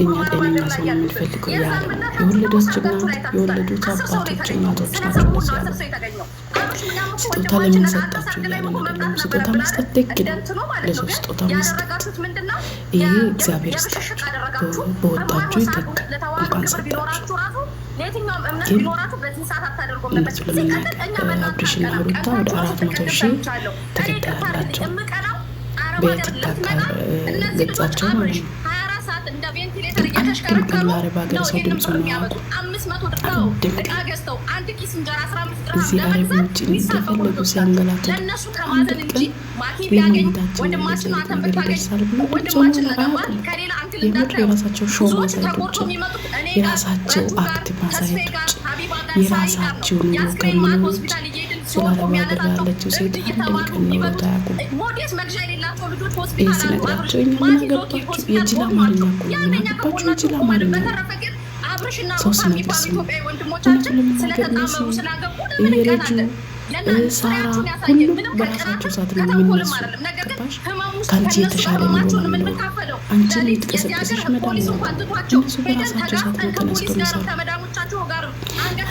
እኛ ጤነኛ ሰው የምንፈልገው ያ ነው። የወለደች ጀግናት የወለዱት አባቶች እናቶች ናቸው። ነዚ ያለ ስጦታ ለምን ሰጣችሁ እያለን አይደለም። ስጦታ መስጠት ልክ ነው። ለሰው ስጦታ መስጠት ይሄ እግዚአብሔር ስጣችሁ በወጣቸው ይተካል። እንኳን ሰጣቸው ግን እነሱ ለመናገር አብርሽና ሩታ ወደ አራት መቶ ሺህ ተከታይ አላቸው በቲክታክ ገጻቸው ማለት ነው እንደ ቬንቲሌተር እየተሽከረከሩ ነው ይህንም ብር የሚያመጡ አምስት መቶ ድርተው እቃ ገዝተው አንድ ኪስ እንጀራ አስራ አምስት ድርሃም ለመግዛት የሚሳፈሩ ለእነሱ ከማዘን እንጂ ማቲ ቢያገኝ ወንድማችን አንተን ብታገኝ ወንድማችን ለገባ ከሌላ አንክል እንዳታየው ብዙዎች ተቆርጦ የሚመጡት እኔ ጋር ተስፋዬ ጋር ሀቢባ ስላለማድላለችው ሴት አንድም ቀን ኖሮት አያውቁም። ይህ እኛ ምን አገባችሁ የጅል አማርኛ እኮ ምን አገባችሁ የጅል አማርኛ ሰው ስነግር ስሙ እውነቱ ለመናገር እየረጁ ሳራ ሁሉም በራሳቸው ሰዓት ነው የሚነሱ። ገባሽ? ከአንቺ የተሻለ ነው የሚኖሩ አንቺን የተቀሰቀሰሽ መዳን ነው። እነሱ በራሳቸው ሰዓት ነው ተነስተው የሚሰሩ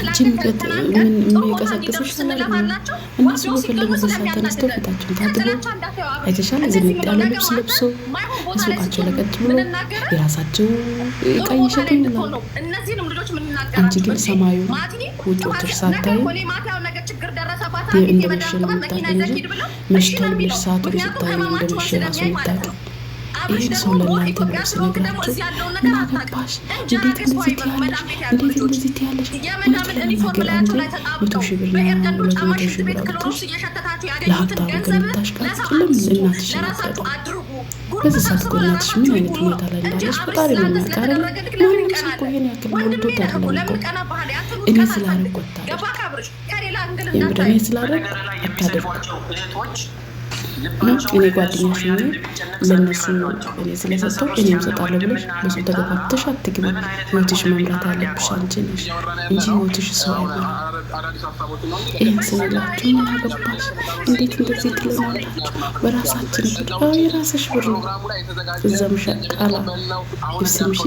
አንቺ የሚቀሰቅሰሽ መዳን ነው። እነሱ በፈለጉት ሰዓት ተነስተው ፊታቸው ታጥበው የተሻለ ዝንጥ ያለ ልብስ ለብሶ ሱቃቸው ለቀጥ ብሎ የራሳቸው እቃ ይሸጡ። አንቺ ግን ሰማዩ ቁጭ ወተሽ ሳታዩ እንደመሸ ነው የምታውቂው እንጂ መሽቶ መርሳቱን ስታይ ነው እንደመሸ ራሱ የምታውቂው። ይህን ሰው ለእናንተ ብለው ስነግራችሁ ምን አገባሽ? እንዴት እንደዚህ ትያለሽ? እንዴት እንደዚህ ትያለሽ? የምትፈልጊው ነገር አንቺ መቶ ሺህ ብር ነው ሁለት መቶ ሺህ ብር አውጥተሽ ለሀብታም ከምታሽቃጭ ለምን እናትሽ ናቀጡ በዚህ ሰዓት እኮ እናትሽ ምን አይነት ሁኔታ ላይ እንዳለች በጣም የምናውቅ አይደለ? ማንም ሰው እኮ ይሄን ያክል ወልዶት አይደለም እኮ እኔ ስላረኩት የምድር ላይ ስላደረግ አታደርጉ። እኔ ጓደኛሽ ሆኜ ለእነሱ እኔ ስለሰጠው እኔም እሰጣለሁ ብለሽ በሱ ተገፋፍተሽ አትግቢ። ሞትሽ መምራት ያለብሽ አንቺ ነሽ እንጂ ሞትሽ ሰው አይመራ። ይህን ስንላችሁ ምን አገባሽ? እንዴት እንደዚህ ትለናላችሁ? በራሳችን ብር የራስሽ ብር ነው። እዛም ሸቃላ ስምሽ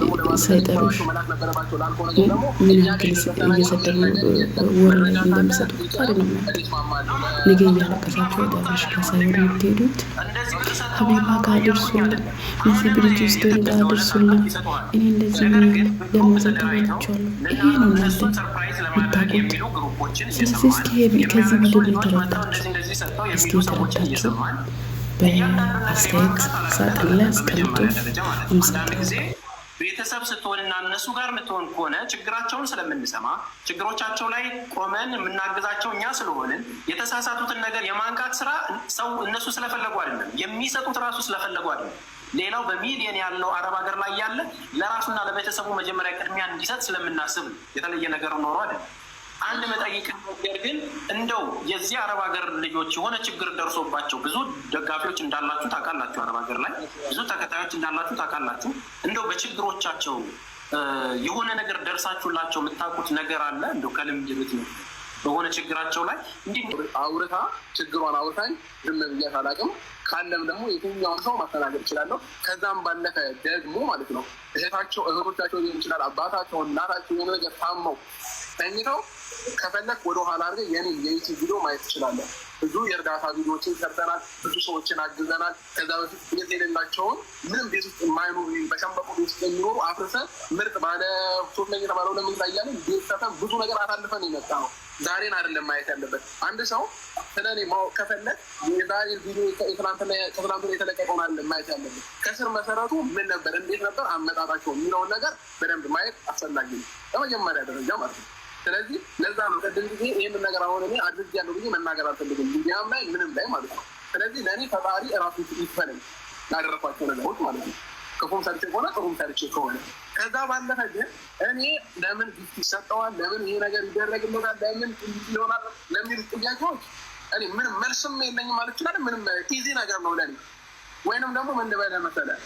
ሳይጠሩሽ ምን ያክል እየሰደቡ ወር እንደሚሰጡ ጣሪ ነው። ነገ እያለቀሳቸው ዳራሽ ሳይሆን የምትሄዱት? ሀቢባ ጋር አድርሱልን፣ እዚህ ብሪጅ ውስጥ ወርዳ አድርሱልን። እኔ እንደዚህ ለማዘን ተባላቸዋለሁ። ይሄ ነው እናንተ የምታውቁት። ስለዚህ እስኪ ከዚህ ምንድን ነው የተረዳችሁ? እስኪ የተረዳችሁ በአስተያየት ሳጥን ላይ አስቀምጦ እንሰጠው። ቤተሰብ ስትሆንና እነሱ ጋር የምትሆን ከሆነ ችግራቸውን ስለምንሰማ ችግሮቻቸው ላይ ቆመን የምናግዛቸው እኛ ስለሆንን የተሳሳቱትን ነገር የማንቃት ስራ ሰው እነሱ ስለፈለጉ አይደለም የሚሰጡት ራሱ ስለፈለጉ አይደለም። ሌላው በሚሊየን ያለው አረብ ሀገር ላይ ያለ ለራሱና ለቤተሰቡ መጀመሪያ ቅድሚያ እንዲሰጥ ስለምናስብ የተለየ ነገር ኖሮ አይደለም። አንድ መጠይቅ ነገር ግን እንደው የዚህ አረብ ሀገር ልጆች የሆነ ችግር ደርሶባቸው ብዙ ደጋፊዎች እንዳላችሁ ታውቃላችሁ፣ አረብ ሀገር ላይ ብዙ ተከታዮች እንዳላችሁ ታውቃላችሁ። እንደው በችግሮቻቸው የሆነ ነገር ደርሳችሁላቸው የምታውቁት ነገር አለ እንደው ከልምድ ቤት ነው በሆነ ችግራቸው ላይ እንዲህ አውርታ ችግሯን አውርታኝ ዝም ብያት አላውቅም። ካለም ደግሞ የትኛውን ሰው ማስተናገድ እችላለሁ። ከዛም ባለፈ ደግሞ ማለት ነው እህታቸው እህቶቻቸው ሊሆን ይችላል አባታቸው፣ እናታቸው የሆነ ነገር ታመው ተኝተው ከፈለክ ወደኋላ አድርገህ የኔ የዩቲ ቪዲዮ ማየት ትችላለህ። ብዙ የእርዳታ ቪዲዮዎችን ሰርተናል። ብዙ ሰዎችን አግዘናል። ከዛ በፊት ቤት የሌላቸውን ምንም ቤት ውስጥ የማይኖሩ በሸንበቆ ውስጥ የሚኖሩ አፍርሰን ምርጥ ባለ ሶስት ነኝ የተባለው ለምን ታያለ ቤተሰብ ብዙ ነገር አሳልፈን የመጣ ነው። ዛሬን አይደለም ማየት ያለበት። አንድ ሰው ስለ እኔ ማወቅ ከፈለግ የዛሬ ቪዲዮ ከትናንት የተለቀቀውን አይደለም ማየት ያለበት። ከስር መሰረቱ ምን ነበር፣ እንዴት ነበር አመጣጣቸው የሚለውን ነገር በደንብ ማየት አስፈላጊ ነው፣ ለመጀመሪያ ደረጃ ማለት ነው። ስለዚህ ለዛ ነው ቅድም ጊዜ ይህንን ነገር አሁን እኔ አድርግ ያለው ጊዜ መናገር አልፈልግም፣ ጊዜም ላይ ምንም ላይ ማለት ነው። ስለዚህ ለእኔ ፈጣሪ እራሱ ይፈለኝ ያደረኳቸው ነገሮች ማለት ነው። ክፉም ሰርቼ ከሆነ ጥሩም ሰርቼ ከሆነ ከዛ ባለፈ ግን እኔ ለምን ጊፍት ይሰጠዋል፣ ለምን ይሄ ነገር ይደረግለታል፣ ለምን ይሆናል ለሚሉ ጥያቄዎች እኔ ምንም መልስም የለኝም ማለት ይችላል። ምንም ኢዚ ነገር ነው ለኔ ወይንም ደግሞ ምን ልበለህ መሰለህ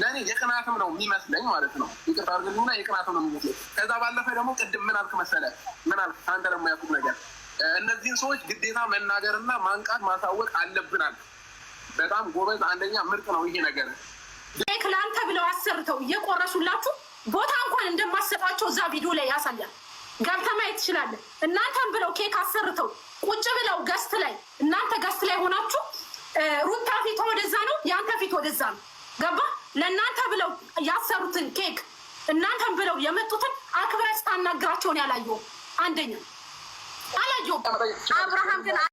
ለእኔ የቅናትም ነው የሚመስለኝ ማለት ነው። ይቅርታ አድርግልኝና የቅናትም ነው የሚመስለኝ። ከዛ ባለፈ ደግሞ ቅድም ምን አልክ መሰለ፣ ምን አልክ አንተ ደግሞ ያልኩት ነገር እነዚህን ሰዎች ግዴታ መናገርና ማንቃት ማሳወቅ አለብናል። በጣም ጎበዝ፣ አንደኛ ምርጥ ነው ይሄ ነገር። ለአንተ ብለው አሰርተው እየቆረሱላችሁ ቦታ እንኳን እንደማሰጣቸው እዛ ቪዲዮ ላይ ያሳያል። ገብተህ ማየት ትችላለህ። እናንተም ብለው ኬክ አሰርተው ቁጭ ብለው ገስት ላይ እናንተ ገስት ላይ ሆናችሁ ሩታ ፊት ወደዛ ነው፣ የአንተ ፊት ወደዛ ነው። ገባ ለእናንተ ብለው ያሰሩትን ኬክ እናንተን ብለው የመጡትን አክብረስ ታናግራቸውን ያላየው አንደኛ አላየው። አብርሃም ግን